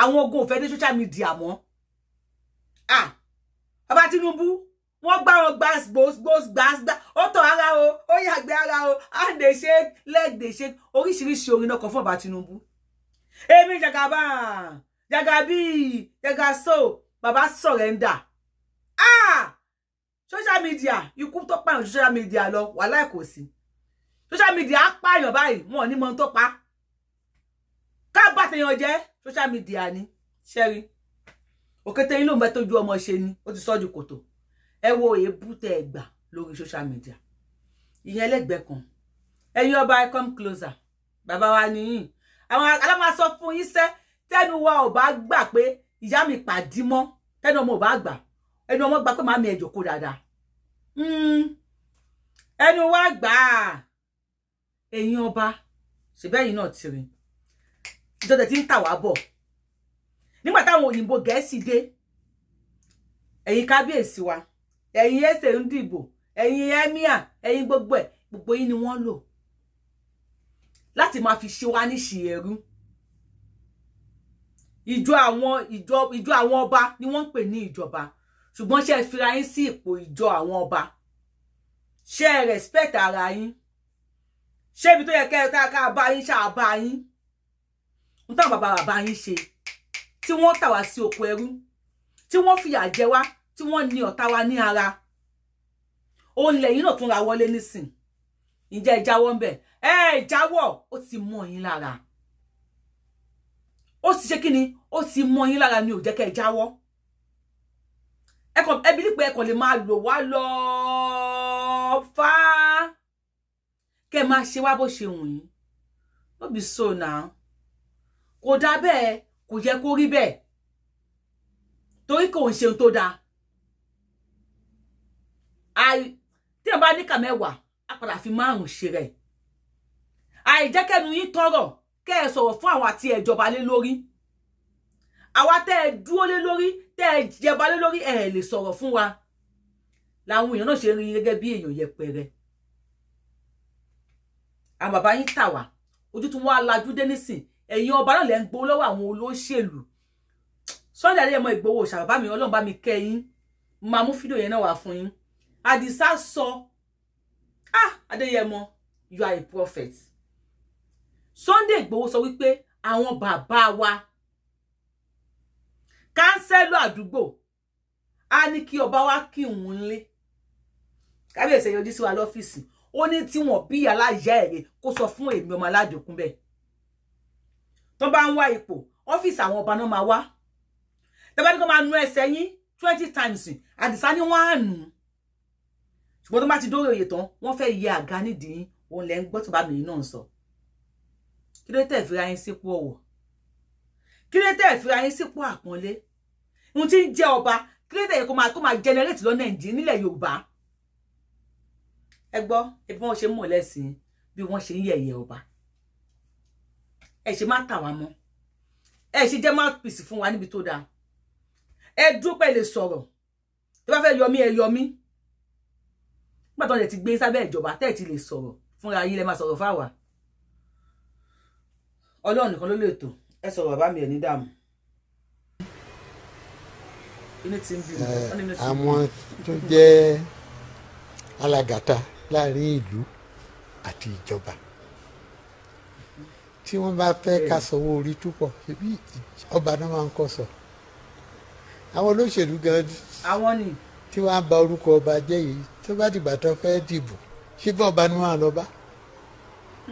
àwọn ogun òfẹ́ dé social media mọ́ ah bàbá Tinubu wọ́n gbárò gbas gbos gbos gbas gbá ó tọ̀ ara o ó yàgbé ara o hand dey shake leg dey shake oríṣiríṣi orin náà kọ fún bàbá Tinubu èmi jagaba jagabi jagaso bàbá sọ̀rẹ́ndà ah social media ikú tó pààyàn ju social media lọ wàhálà kò sí social media pààyàn báyìí wọn ò ní mọ ohun tó pa ká bá tèèyàn jẹ social media ni ṣẹ́rí òkété yín ló ń bẹ tójú ọmọ ṣe ni ó ti sọ́jú kòtò ẹ wo èébú tẹ ẹ gbà lórí social media ìyẹn ẹlẹgbẹẹ kan ẹ̀yin ọba i come closer bàbá wa nìyín àwọn alámasọ fún yín sẹ tẹnu wa ò bá gbà pé ìyá mi pàdí mọ́ tẹnu ọmọ ò bá gbà ẹnu ọmọ gba pé màmí ẹ jókòó dáadáa hmm. ẹnu wa gbà á ẹ̀yin ọba ṣèbẹ́yìn náà ti rìn ìjọba ti ń tà wá bọ̀ nígbà táwọn òyìnbó gẹ̀ẹ́sì dé ẹ̀yin kábíyèsí wa ẹ̀yin ẹsẹ̀ ń dìbò ẹ̀yin ẹ́míà ẹ̀yin gbogbo ẹ̀ gbogbo yín ni wọ́n lò láti máa fi ṣe wá níṣì ẹ̀rú ìjọ àwọn ọba ni wọ́n ń pè ní ìjọba ṣùgbọ́n ṣe fira yín sí ipò ìjọ àwọn ọba ṣe respect ara yín ṣé ibi tó yẹ kẹta ká bá yín ṣáà bá yín ń tàn bàbá bàbá yín ṣe tí wọ́n tà wá sí oko ẹrú tí wọ́n fìyà jẹ wá tí wọ́n ní ọ̀tá wa ní ara òun lẹ́yìn náà tún ra wọlé nísìn ǹjẹ́ ẹ jáwọ́ ń bẹ̀ ẹ jáwọ́ ó ti mọ́ yín lára ó sì ṣe kí ni ó ti mọ́ yín lára ni ò jẹ́ kẹ́ ẹ jáwọ́ ẹkàn ẹbí nípa ẹkàn lè máa lò wá lọ fá kẹ máa ṣe wá bó ṣe wù yín ó bí so náà kò dá bẹ́ẹ̀ kò yẹ kó rí bẹ́ẹ̀ torí kò ń ṣeun tó dáa tí wọn bá ní kà mẹ́wàá á padà fi márùn ṣe rẹ̀ àìjẹ́kẹ́nu yín tọrọ kẹ́ ẹ sọ̀rọ̀ fún àwọn àti ẹ̀jọba lé lórí àwa tẹ́ ẹ dúró lé lórí tẹ́ ẹ jẹba lé lórí ẹ lè sọ̀rọ̀ fún wa làwọn èèyàn náà ṣe rin gẹ́gẹ́ bí èèyàn yẹpẹrẹ àwọn bàbá yín tà wá ojú tí wọ́n á dé nísìn ẹ̀yin ọba náà lẹ ń gbowó lọ́wọ́ àwọn olóṣèlú Sunday Adéyẹmọ Ìgbòho ṣàbàbá mi Ọlọ́run bá mi kẹ́ yín máa mú fídíò yẹn náà wá fún yín Àdìsá sọ ah Adéyẹmọ you are a prophet Sunday Ìgbòho sọ wípé àwọn bàbá wa kánsẹ́lù àdúgbò á ní kí ọba wá kí òun lé kábíyèsí yọjú sí wa lọ́fíìsì ó ní tí wọ́n bí aláìyá ẹ̀rẹ́ kó sọ fún èmi ọmọ aládùnkún bẹ́ẹ̀ tó bá ń wá ipò ọ́fíìsì àwọn ọba náà máa wá tẹ́bá ní kó máa nu ẹsẹ̀ yín twenty times àdìsá ní wọ́n á nù ṣùgbọ́n tó bá ti dórí oyè tán wọ́n fẹ́ yẹ àga nídìí òun lẹ́ ń gbọ́ tó bá mi náà sọ kí ló tẹ̀ fira yín sípò ọ̀wọ̀ kí ló tẹ̀ fira yín sípò àpọ́nlé ohun tí ń jẹ́ ọba kílódé kó máa kó máa generate lọ nàìjíríà nílẹ̀ yorùbá ẹ gbọ́ bí wọ́n ṣe ń mọ̀ lẹ́sìn bí wọ́n ṣe ń yẹ̀yẹ̀ ọba ẹ ṣe má tà wá mọ́ ẹ ṣe jẹ́ mouthpiece fún wa níbi tó dáa ẹ dúró pẹ́ lè sọ̀rọ̀ tó bá fẹ́ yọmí ẹ yọmí nígbà tó ń ti gbé sábẹ́ ìjọba tẹ́ẹ̀ ti lè sọ̀rọ̀ fúnra yín lẹ máa sọ̀rọ̀ fáwa ọlọ́run nìkan ló lè tò ẹ sọ̀rọ̀ bàbá mi ẹ̀ ní dààmú Eh, àwọn tó jẹ́ alàgàtà láàrin ìlú àti ìjọba tí wọ́n bá fẹ́ ká eh. sanwó orí túpọ̀ ṣebí ọba náà máa ń kọ́ sọ àwọn olóṣèlú gan àwọn ni tí wọ́n á ba orúkọ ọba jẹ́ yìí tó bá dìgbà tó fẹ́ dìbò ṣé bá ọba ni lọ bá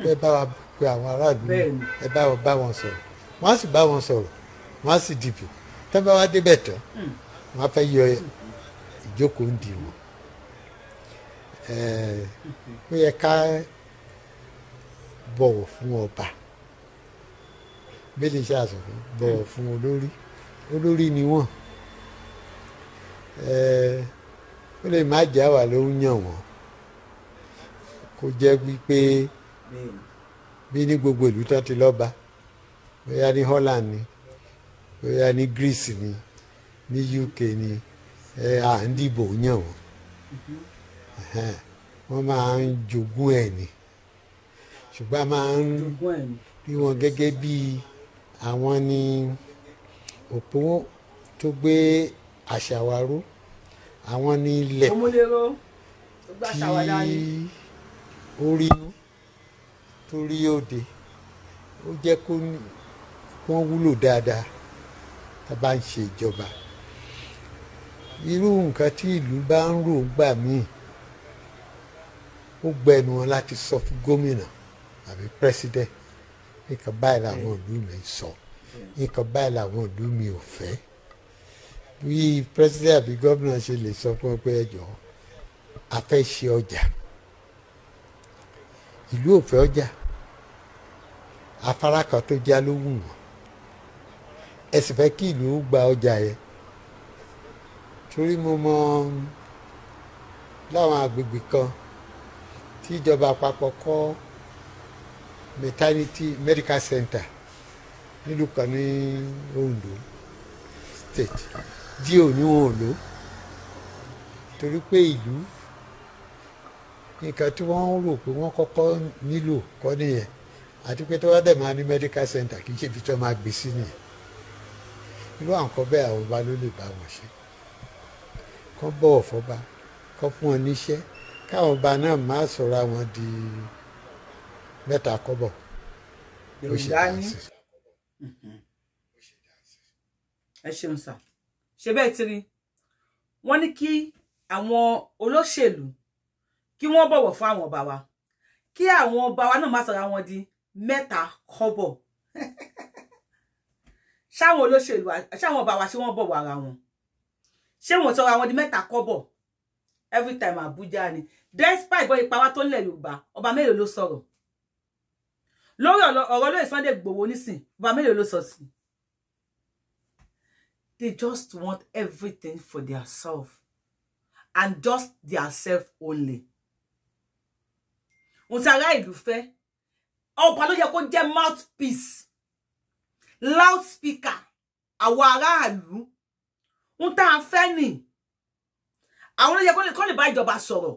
ẹ bá wa pe àwọn aráàlú ẹ bá wọn sọ̀rọ̀ wọ́n á sì bá wọn sọ̀rọ̀ wọ́n á sì dìbò tó bá wa débẹ̀ tán. Hmm wọ́n fẹ́ yọ ìjókòó dì wọ́n ó yẹ ká bọ̀wọ̀ fún ọba bẹ́ẹ̀ lè ṣe àsọ̀fún bọ̀wọ̀ fún olórí olórí ni wọ́n ó lè má jẹ́ àwa ló ń yàn wọ́n kó jẹ́ wípé bí ní gbogbo ìlú tó ti lọ́ba bóyá ní Holland ni bóyá ní Greece ni ní UK ni ẹ à ń dìbò yàn wọ́n wọ́n máa ń jogún ẹ̀ ni ṣùgbọ́n a máa ń rí wọn gẹ́gẹ́ bí àwọn ni òpó tó gbé àṣà wa ró àwọn ni ilẹ̀ tí ó rí tó rí òde ó jẹ́ kó wọ́n wúlò dáadáa tá a bá ń ṣe ìjọba irú nǹkan tí ìlú bá ń rò gbà míì ó gbẹnu wọn láti sọ fún gómìnà àbí president nǹkan báyìí làwọn ìlú mi sọ nǹkan báyìí làwọn ìlú mi ò fẹ́ bí president àbí gómìnà ṣe lè sọ fún ọ pé ẹ jọ̀ọ́ a fẹ́ ṣe ọjà ìlú ò fẹ́ ọjà afárá kan tó já ló wù wọ́n ẹ sì fẹ́ kí ìlú gba ọjà yẹn torí mo mọ láwọn agbègbè kan tí ìjọba àpapọ̀ kọ́ maternity medical center nílùú kan ní Ondo state jí òní wọn ò lò torí pé ìlú nǹkan tí wọ́n rò pé wọ́n kọ́kọ́ nílò kọ́ nìyẹn àti pé tí wọ́n dẹ̀ máa ní medical center kì í ṣe ibi tí wọ́n máa gbé sí nìyẹn irú àwọn bẹ́ẹ̀ àwọn ọba ló lè bá wọn ṣe kọ́ bọ̀wọ̀ fọba kọ́ fún wọn níṣẹ́ káwọn ọba náà má sọra wọn di mẹ́ta kọ́bọ̀ ó ṣe dáhùn ẹ ṣeun sà ṣe bẹ́ẹ̀ ti rí wọ́n ní kí àwọn olóṣèlú kí wọ́n bọ̀wọ̀ fún àwọn ọba wa kí àwọn ọba wa náà má sọra wọn di mẹ́ta kọ́bọ̀ ṣáwọn olóṣèlú ṣáwọn ọba wa ṣé wọ́n bọ̀wọ̀ ara wọn ṣé wọ́n sọ àwọn di mẹ́ta kọ́bọ̀ every time Abuja ni despite bọ́ ipa wa tó ń lẹ̀ Yorùbá ọba mélòó ló sọ̀rọ̀ lórí ọ̀rọ̀ lórí Sunday Igboho nísìn ọba mélòó ló sọ sí they just want everything for their self and just their self only ohun tí ará ìlú fẹ́ ọba ló yẹ kó jẹ́ mouthpiece loudspeaker àwọn aráàlú ń tá à ń fẹ́ nì àwọn olóyè kọ́ lè kọ́ lè bá ìjọba sọ̀rọ̀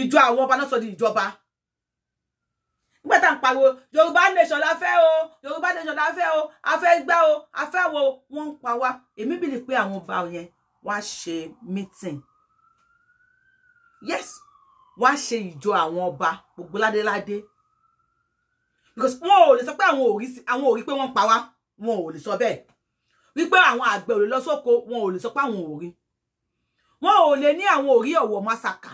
ìjọ àwọn ọba náà sọ di ìjọba nígbà tá à nation la fẹ́ o yorùbá nation la fẹ́ o a fẹ́ gbá o a fẹ́ wo wọ́n ń pa wá èmi bìlì pé àwọn ọba yẹn wá ṣe meeting yes wa ṣe Ijo àwọn ọba gbogbo ládéládé because wọn ò lè sọ pé àwọn ò rí pé wọ́n pa wá wọn ò le sọ bẹ́ẹ̀ wípé àwọn àgbẹ̀ ò lè lọ sóko wọn ò lè sọ pé àwọn ò rí wọn ò lè ní àwọn ò rí ọ̀wọ̀ masaka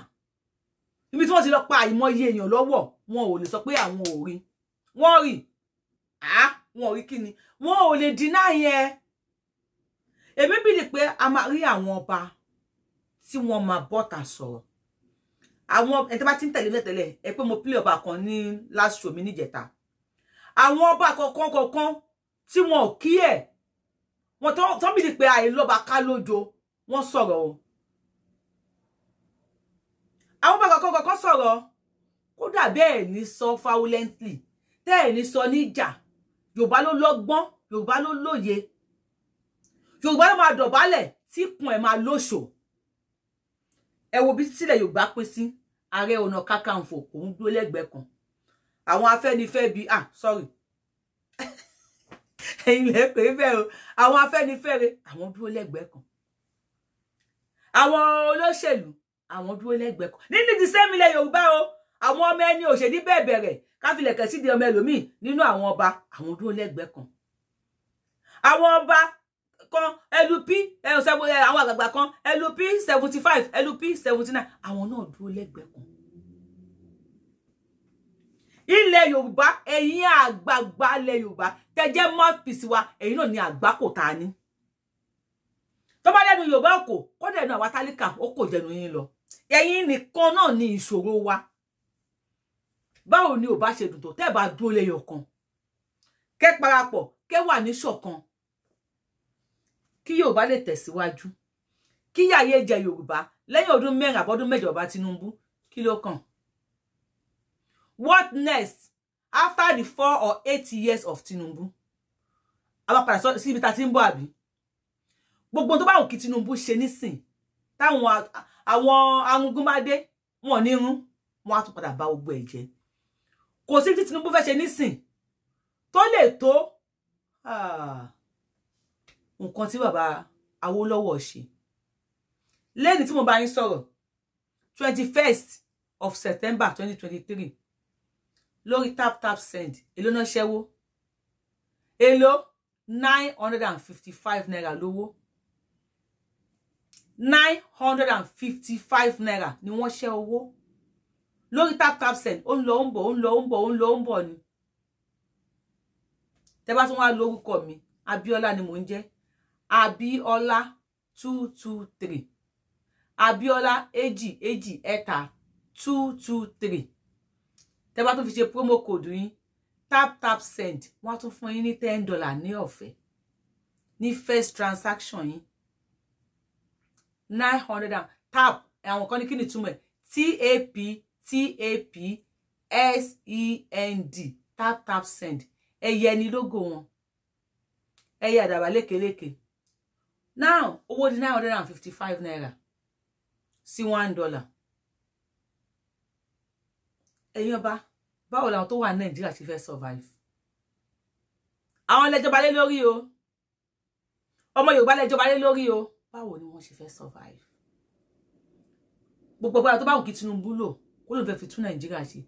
ibi tí wọ́n ti lọ pa àìmọye èèyàn lọ́wọ́ wọn ò lè sọ pé àwọn ò rí wọ́n rí àá wọn ò rí kí ni wọn ò lè dínà yẹn èmi bìlì pé a máa rí àwọn ọba tí wọ́n máa bọ́ta sọ̀rọ̀ àwọn ẹni tí bá ti ń tẹ̀lé tẹ́lẹ̀ ẹ pé mo play ọba kan ní last show mi níjẹta àwọn ọba kọ̀ọ̀kan kọ̀ọ̀kan tí wọn ò kí ẹ̀ wọn tó bìlì pé àìlọ́ba ká lójo wọ́n sọ̀rọ̀ o àwọn bàbá kọ̀ọ̀kan kan sọ̀rọ̀ kódà bẹ́ẹ̀ ní sọ faulently tẹ́ ẹ̀ ní sọ níjà yorùbá ló lọ́gbọ́n yorùbá ló lóye yorùbá ló máa dọ̀bálẹ̀ tí kun ẹ̀ máa lóṣò ẹ wo bí tílẹ̀ yorùbá pín sí ààrẹ ọ̀nà kakanfò kò ń dúró lẹ́gbẹ̀ẹ́ kan àwọn afẹ́nifẹ́ bíi ah sorry ẹ̀yin lẹ pè é bẹ́ẹ̀ o àwọn afẹ́nifẹ́re àwọn dúró lẹ́gbẹ̀ẹ́ kan àwọn olóṣèlú àwọn dúró lẹ́gbẹ̀ẹ́ kan nínú ti ilẹ̀ Yorùbá o àwọn ọmọ ẹni òṣèlú bẹ́ẹ̀ bẹ̀rẹ̀ káfílẹ̀kẹ̀ sídi ọmọ ẹlòmíì nínú àwọn ọba àwọn dúró lẹ́gbẹ̀ẹ́ kan àwọn ọba kan LP eh, eh, àwọn àgbààgbà kan LP seventy five LP seventy nine àwọn náà dúró lẹ́gbẹ̀ẹ́ kan ilẹ̀ yorùbá ẹ̀yin àgbààgbà ilẹ̀ yorùbá tẹ́jẹ́ mouthpiece wa ẹ̀yin náà ni àgbákò ta ni tó bá lẹ́nu yorùbá kò kó dẹ̀nu àwa tálíkà ó kò jẹnu yín lọ ẹ̀yin nìkan náà ni ìṣòro wa báwo ni ò bá ṣe dùn tó tẹ́ bá dúró lẹ́yọ̀ kan kẹ́ parapọ̀ kẹ́ wà ní ṣọ̀kan kí yorùbá lè tẹ̀síwájú kí yàyé jẹ yorùbá lẹ́yìn ọdún mẹ́rin àbọ́dún mẹ́jọ tinubu kí ló kàn what next after the four or eight years of Tinubu a bá padà síbi tá a ti ń bọ̀ àbí gbogbo tó bá wù kí Tinubu ṣe nísìn táwọn àwọn amugúnmáde wọn ní irun wọn á tún padà bá gbogbo ẹ̀ jẹ́ kò sí tí Tinubu fẹ́ ṣe nísìn tó lè tó ah, nǹkan tí bàbá Awólọ́wọ̀ ṣe lẹ́ni tí mo bá yín sọ̀rọ̀ twenty first of September twenty twenty three lórí tap tap send èló náà ṣẹ́wó èló nine hundred and fifty five naira lówó nine hundred and fifty five naira ni wọ́n ṣẹ́ owó lórí tap tap send ó ń lọ ó ń bọ̀ ó ń lọ ó ń bọ̀ ó ń lọ ó ń bọ̀ ni tẹ́ bá tún wá lórúkọ mi abiola ni mò ń jẹ́ Abíọ́lá two two three abiola èjì èjì ẹ̀ta two two three tẹ́ bá tún fi ṣe promo code yín tap tap send wọ́n á tún fún yín ní ten dollar ní ni first transaction yín nine hundred and tap àwọn kan ní kí ni túmọ̀ ẹ̀ tap tap send tap tap send ẹ̀yẹ ni lógo wọn ẹ̀yẹ àdàbà lékeleke now owó di nine hundred and fifty five naira si one dollar ẹ̀yin ọba báwo làwọn tó wà ní nàìjíríà ti fẹ́ survive àwọn lẹ́jọba lé lórí o ọmọ yorùbá lẹ́jọba lé lórí o báwo ni wọ́n ṣe fẹ́ survive gbogbo agbára tó bá wù kí tinubu lò kó ló fẹ́ fi tún nàìjíríà ṣe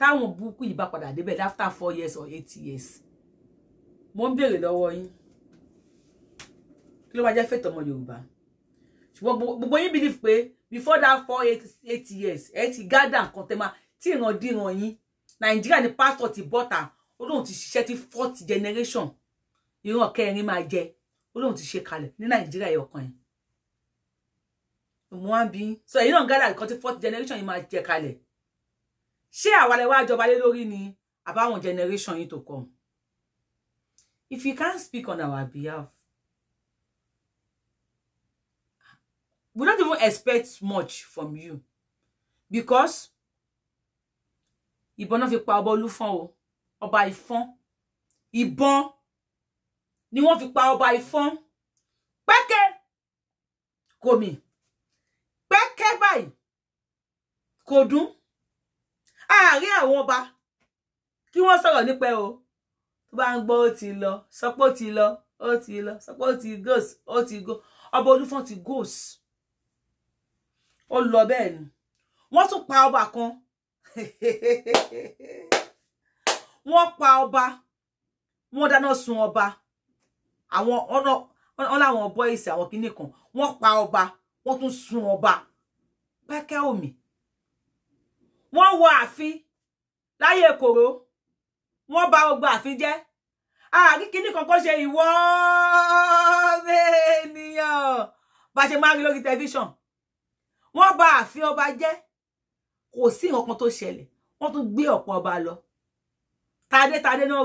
táwọn burúkú yìí bá padà débẹ̀ after four years or eight years mo ń béèrè lọ́wọ́ yín kí ló máa jẹ́ fẹ̀tọ́ ọmọ yorùbá ṣùgbọ́n gbogbo yín believe pé before that four eight eight years ẹ ti gather nǹkan tẹ́ máa tí ìran díran yín nàìjíríà ni pásítọ̀ ti bọ́ta ó lóun ti ṣiṣẹ́ tí fourth generation ìran kẹrin máa jẹ ó lóun ti ṣe kalẹ̀ ní nàìjíríà ẹ̀yọ̀kan yẹn mo wá ń bí so èyí náà gádà nǹkan tí fourth generation yìí máa jẹ kalẹ̀ ṣé àwalẹ̀ wá jọba lé lórí ni àbáwọn generation yìí tó kọ̀ if you can't speak on our behalf we don't even expect much from you because ìbọn náà fi pa ọba olúfọn o ọba ìfọn ìbọn ni wọ́n fi pa ọba ìfọn pẹ́kẹ́ kò mì pẹ́kẹ́ báyìí kò dún àárín àwọn ọba kí wọ́n sọ̀rọ̀ nípa o tó bá ń gbọ́ ó ti lọ sọpọ́ ó ti lọ ó ti lọ sọpọ́ ti gòs ó ti go ọba olúfọn ti gòs ó lọ bẹ́ẹ̀ ni wọ́n tún pa ọba kan wọ́n pa ọba wọ́n dáná sun ọba àwọn ọ̀nà àwọn bọ́ìsì àwọn kinní kan wọ́n pa ọba wọ́n tún sun ọba Pẹ́kẹ́ Òmì wọ́n wọ ààfin láyé kòró wọ́n bà gbogbo ààfin jẹ́ àrí kinní kan kó ṣe ìwọ ènìyàn bá ṣe máa rí lórí tẹlifíṣàn wọ́n bà ààfin ọba jẹ́ kò sí nǹkan tó ṣẹlẹ̀ wọ́n tún gbé ọ̀pọ̀ ọba lọ tadétadé náà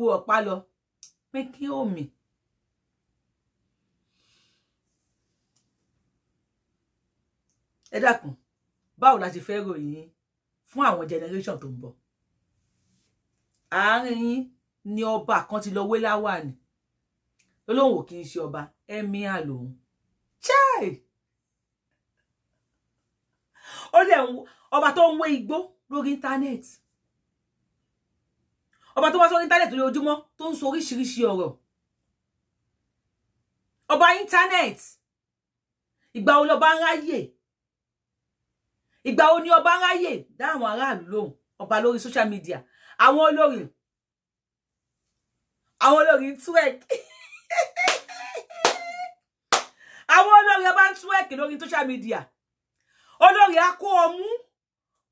ru ọ̀pá lọ pé kí ó mì ẹ dákun báwo la ṣe fẹ́ ròyìn fún àwọn generation tó ń bọ̀ àárín ni ọba kan ti lọ wé láwà ni olóhùn ò kì í ṣe ọba ẹmíà lòun chai ó dẹ̀ ń ọba tó ń wé igbó lórí íńtánẹ́ẹ̀tì ọba tó wá sórí íńtánẹ́ẹ̀tì lójoojúmọ́ tó ń sọ oríṣiríṣi ọ̀rọ̀ ọba íńtánẹ́ẹ̀tì ìgbà wo lọba ń ráyè ìgbà wo ni ọba ń dá àwọn aráàlú lóhùn ọba lórí social media àwọn olórin àwọn olórin twerk àwọn olórin ọba twerk lórí social media olórin akó ọmú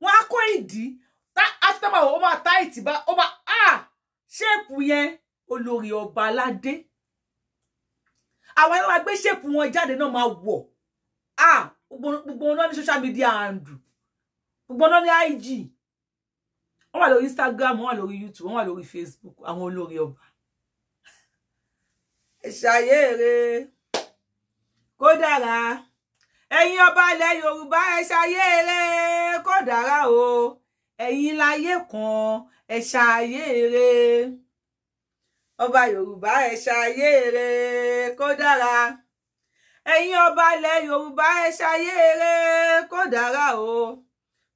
wọ́n á kó ìdí asitama ó máa ta ìtì bá ó máa a ṣéèpù yẹn olórí ọba aládé àwọn ẹlẹ́wàá gbé ṣéèpù wọn jáde náà máa wọ̀ a gbogbo wọn ní social media handle gbogbo wọn ní IG wọ́n wà lórí Instagram wọ́n wà lórí YouTube wọ́n wà lórí Facebook àwọn olórí ọba ẹ ṣàyè rẹ̀ kó dára ẹ̀yin ọba ilẹ̀ yorùbá ẹ ṣayé eré kó dára o ẹ̀yin láyé kan ẹ ṣayé eré ọba yorùbá ẹ ṣayé eré kó dára ẹ̀yin ọba ilẹ̀ yorùbá ẹ ṣayé eré kó dára o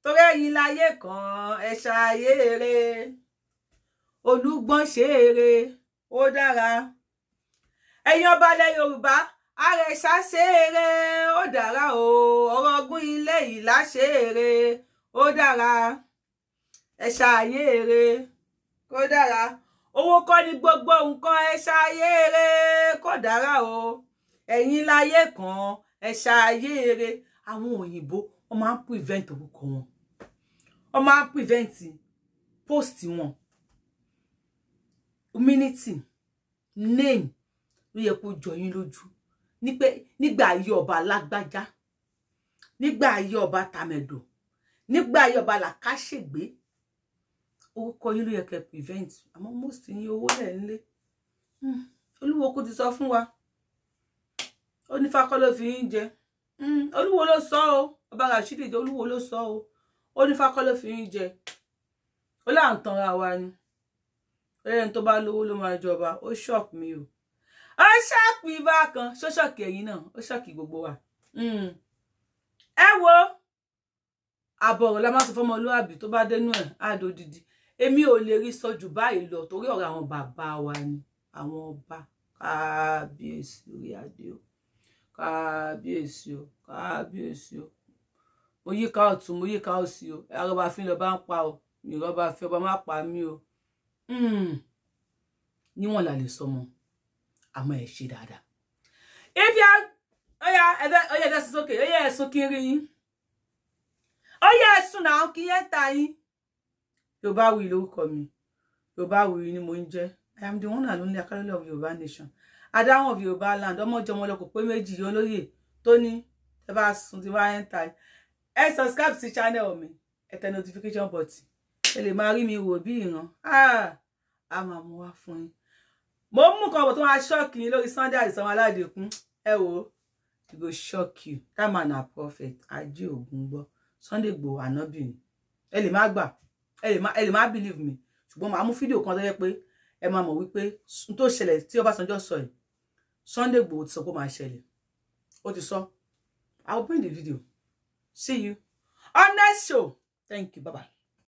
torí ẹ̀yin láyé kan ẹ ṣayé eré olúgbọ́n ṣe eré ó dára ẹ̀yin ọba ilẹ̀ yorùbá àrẹ̀sà ṣe ó dára o ọ̀rọ̀ ọgbọ́n ilé ìlà ṣe eré ó dára ẹ̀ṣà ayé eré kó dára owó kọ́ ni gbogbo nǹkan ẹ̀ṣà ayé eré kó dára o ẹ̀yin láyé kan ẹ̀ṣà ayé eré àwọn òyìnbó wọ́n máa ń prevent orúkọ wọn wọ́n máa ń prevent post wọn humility name ló yẹ kó jọ yín lójú ní pé nígbà ayé ọba lágbájá nígbà ayé ọba tàmẹ̀dò nígbà ayé ọba làkàṣègbè orúkọ yín ló yẹ kẹ́ prevent àmọ́ most ní owó lẹ̀ ń lé hmm, olúwo kò ti sọ fún wa ó ní fakọ ló fi ń jẹ hmm, olúwo ló sọ o ọba rashidi jẹ olúwo ló sọ o ó ní fakọ ló fi ń jẹ ó láǹtanra wa ni ẹni tó bá lówó ló máa jọba ó ṣọ́ọ̀pù mi o ó ṣàpì bákan ṣó ṣọ̀kì ẹ̀yìn náà ó ṣọ̀kì gbogbo wa hmm. ẹ wo àbọ̀rọ̀ la máa sọ fọmọ olúwàbí tó bá dénú ẹ̀ àdòdìdì èmi ò lè rí sọ jù báyìí lọ torí ọ̀rọ̀ àwọn bàbá wa ni àwọn ọba kábíyèsí orí adé o kábíyèsí o kábíyèsí o mo yíká ọ̀tún mo yíká òsì o ẹ̀rọ bá fi ń lọ bá ń pa o mi ìrọba fi ọba má pa mí o hmm. níwọ̀n là lè sọmọ. So àmọ́ ẹ ṣe dáadáa if you are oya oh ẹgbẹ oya oh ẹgbẹ is okay. oya oh ẹsùn kí n rí yín oya ẹsùn náà kí yẹn ta yín yorùbá wuyì lórúkọ mi yorùbá wuyì ni mo ń i am the one and only akarole of yorùbá nation adáhùn of yorùbá land ọmọjọmọ lọkọ pé méjì olóyè tó ní ẹ bá sùn tí bá ń ta ẹ subscribe sí channel mi ẹ tẹ notification button ẹ lè máa rí mi wò bí ìran ah, a máa mú wá fún yín mo mú kan bò tó máa ṣọ́ọ̀kì yín lórí Sunday Àdìsán Aládìkún ẹ wo e go shock you that man na prophet ajé ògùn gbọ́ Sunday Igboho ànábì ni ẹ lè má gbà ẹ lè má ẹ lè má believe me ṣùgbọ́n màá mú fídíò kan tó yẹ pé ẹ máa mọ̀ wípé n tó ṣẹlẹ̀ tí Ọbásanjọ́ sọ ẹ̀ Sunday Igboho ti sọ pé ó máa ṣẹlẹ̀ ó ti sọ I will bring the video see you on next show thank you bye bye.